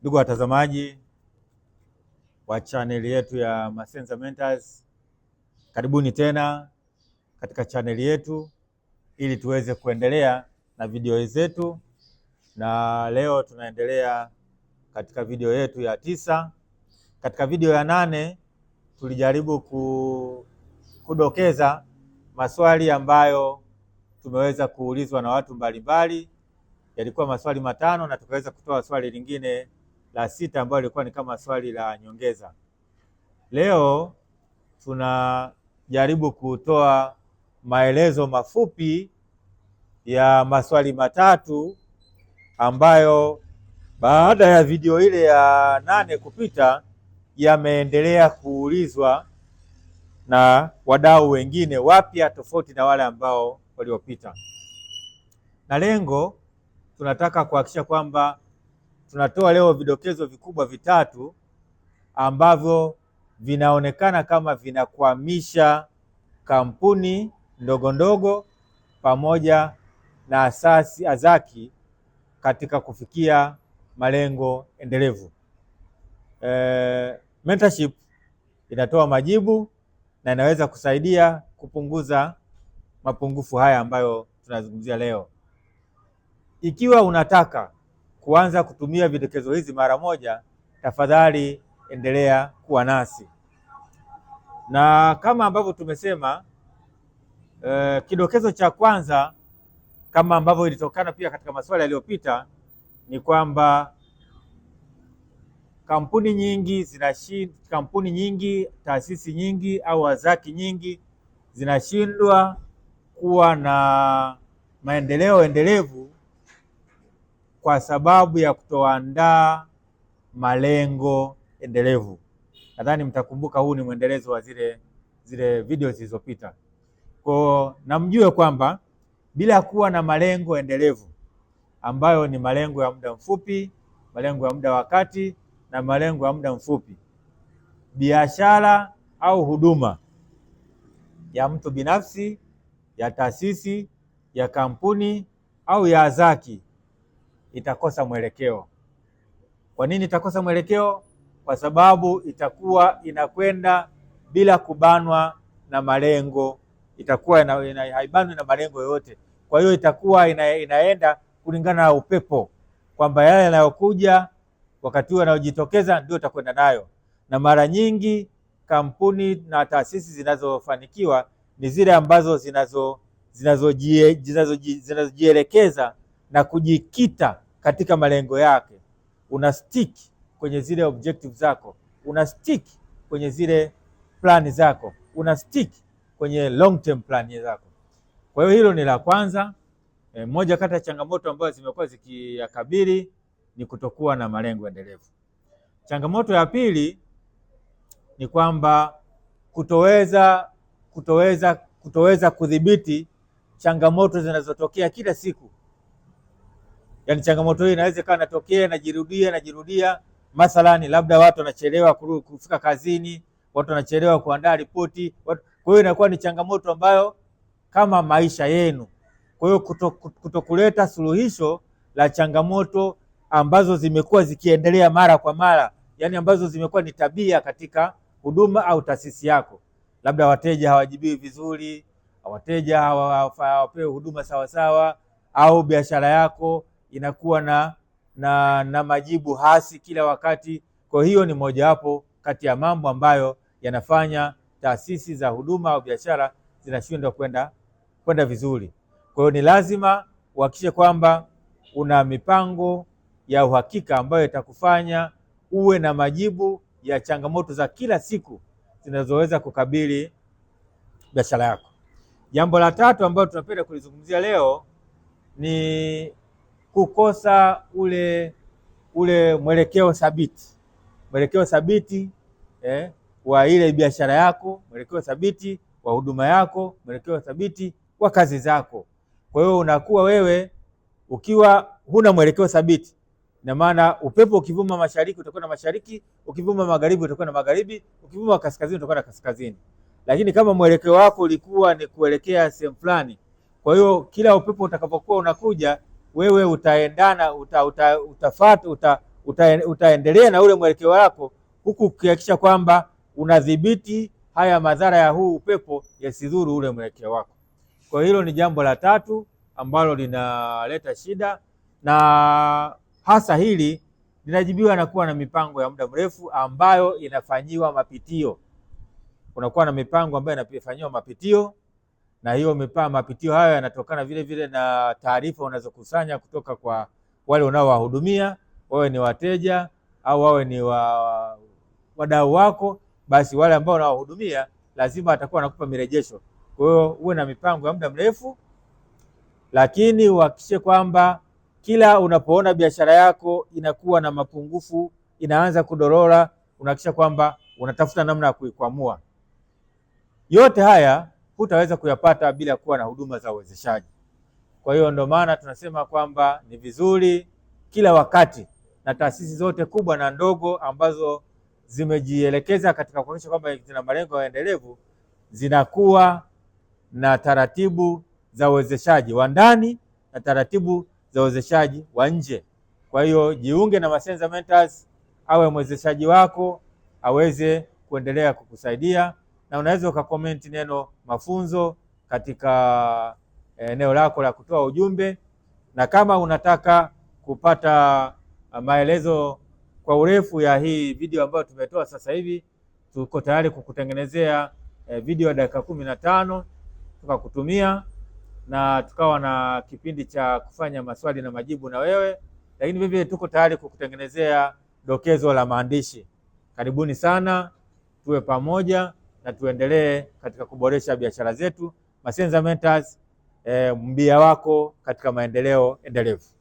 Ndugu watazamaji wa chaneli yetu ya Masenza Mentors, karibuni tena katika chaneli yetu ili tuweze kuendelea na video zetu, na leo tunaendelea katika video yetu ya tisa. Katika video ya nane tulijaribu kudokeza maswali ambayo tumeweza kuulizwa na watu mbalimbali, yalikuwa maswali matano na tukaweza kutoa swali lingine la sita ambalo lilikuwa ni kama swali la nyongeza. Leo tunajaribu kutoa maelezo mafupi ya maswali matatu ambayo baada ya video ile ya nane kupita yameendelea kuulizwa na wadau wengine wapya tofauti na wale ambao waliopita, na lengo tunataka kuhakikisha kwamba tunatoa leo vidokezo vikubwa vitatu ambavyo vinaonekana kama vinakwamisha kampuni ndogo ndogo pamoja na asasi azaki katika kufikia malengo endelevu. E, mentorship inatoa majibu na inaweza kusaidia kupunguza mapungufu haya ambayo tunazungumzia leo. Ikiwa unataka kuanza kutumia vidokezo hizi mara moja, tafadhali endelea kuwa nasi, na kama ambavyo tumesema eh, kidokezo cha kwanza kama ambavyo ilitokana pia katika masuala yaliyopita ni kwamba kampuni nyingi zinashind, kampuni nyingi, taasisi nyingi au wazaki nyingi zinashindwa kuwa na maendeleo endelevu kwa sababu ya kutoandaa malengo endelevu. Nadhani mtakumbuka huu ni mwendelezo wa zile zile video zilizopita. Kwa namjue kwamba bila kuwa na malengo endelevu ambayo ni malengo ya muda mfupi, malengo ya muda wa kati na malengo ya muda mfupi, biashara au huduma ya mtu binafsi, ya taasisi, ya kampuni au ya zaki itakosa mwelekeo. Kwa nini itakosa mwelekeo? Kwa sababu itakuwa inakwenda bila kubanwa na malengo, itakuwa ina, ina, haibanwi na malengo yoyote. Kwa hiyo itakuwa ina, inaenda kulingana na upepo, kwamba yale yanayokuja wakati huo yanayojitokeza ndio itakwenda nayo, na mara nyingi kampuni na taasisi zinazofanikiwa ni zile ambazo zinazojielekeza zinazo, zinazo, zinazo, zinazo, zinazo, na kujikita katika malengo yake, una stick kwenye zile objective zako, una stick kwenye zile plan zako, una stick kwenye long term plan zako. Kwa hiyo hilo ni la kwanza. E, moja kati ya changamoto ambazo zimekuwa zikiyakabili ni kutokuwa na malengo endelevu. Changamoto ya pili ni kwamba kutoweza kutoweza kutoweza kudhibiti changamoto zinazotokea kila siku yani changamoto hii inaweza ikawa inatokea inajirudia inajirudia, mathalani labda watu wanachelewa kufika kazini, watu wanachelewa kuandaa ripoti. Kwa hiyo inakuwa ni changamoto ambayo kama maisha yenu. Kwa hiyo kutokuleta kuto suluhisho la changamoto ambazo zimekuwa zikiendelea mara kwa mara, yani ambazo zimekuwa ni tabia katika huduma au taasisi yako, labda wateja hawajibiwi vizuri, wateja hawapewi huduma sawasawa, au biashara yako inakuwa na, na, na majibu hasi kila wakati. Kwa hiyo ni mojawapo kati ya mambo ambayo yanafanya taasisi za huduma au biashara zinashindwa kwenda kwenda vizuri. Kwa hiyo ni lazima uhakikishe kwamba una mipango ya uhakika ambayo itakufanya uwe na majibu ya changamoto za kila siku zinazoweza kukabili biashara yako. Jambo la tatu ambalo tunapenda kulizungumzia leo ni kukosa ule ule mwelekeo thabiti, mwelekeo thabiti eh, wa ile biashara yako, mwelekeo thabiti wa huduma yako, mwelekeo thabiti wa kazi zako. Kwa hiyo unakuwa wewe ukiwa huna mwelekeo thabiti, na maana upepo ukivuma mashariki utakuwa na mashariki, ukivuma magharibi utakuwa na magharibi, ukivuma kaskazini utakuwa na kaskazini. Lakini kama mwelekeo wako ulikuwa ni kuelekea sehemu fulani, kwa hiyo kila upepo utakapokuwa unakuja wewe utaendana uta, uta, utafata, uta, uta, utaendelea na ule mwelekeo wako huku ukihakikisha kwamba unadhibiti haya madhara ya huu upepo yasidhuru ule mwelekeo wako. Kwa hilo ni jambo la tatu ambalo linaleta shida, na hasa hili linajibiwa na kuwa na mipango ya muda mrefu ambayo inafanyiwa mapitio. Unakuwa na mipango ambayo inafanyiwa mapitio na hiyo mipaa, mapitio hayo yanatokana vile vile na taarifa unazokusanya kutoka kwa wale unaowahudumia, wawe ni wateja au wawe ni wa, wadau wako. Basi wale ambao unawahudumia lazima watakuwa wanakupa mirejesho. Kwa hiyo uwe na mipango ya muda mrefu, lakini uhakikishe kwamba kila unapoona biashara yako inakuwa na mapungufu, inaanza kudorora, unahakikisha kwamba unatafuta namna ya kuikwamua. Yote haya hutaweza kuyapata bila kuwa na huduma za uwezeshaji. Kwa hiyo ndio maana tunasema kwamba ni vizuri kila wakati na taasisi zote kubwa na ndogo ambazo zimejielekeza katika kuhakikisha kwamba zina malengo ya endelevu zinakuwa na taratibu za uwezeshaji wa ndani na taratibu za uwezeshaji wa nje. Kwa hiyo jiunge na Masenza Mentors, awe mwezeshaji wako aweze kuendelea kukusaidia na unaweza ukakomenti neno mafunzo katika eh, eneo lako la kutoa ujumbe, na kama unataka kupata ah, maelezo kwa urefu ya hii video ambayo tumetoa sasa hivi, tuko tayari kukutengenezea eh, video ya dakika kumi na tano tukakutumia na tukawa na kipindi cha kufanya maswali na majibu na wewe, lakini vilevile tuko tayari kukutengenezea dokezo la maandishi. Karibuni sana, tuwe pamoja na tuendelee katika kuboresha biashara zetu. Masenza Mentors, e, mbia wako katika maendeleo endelevu.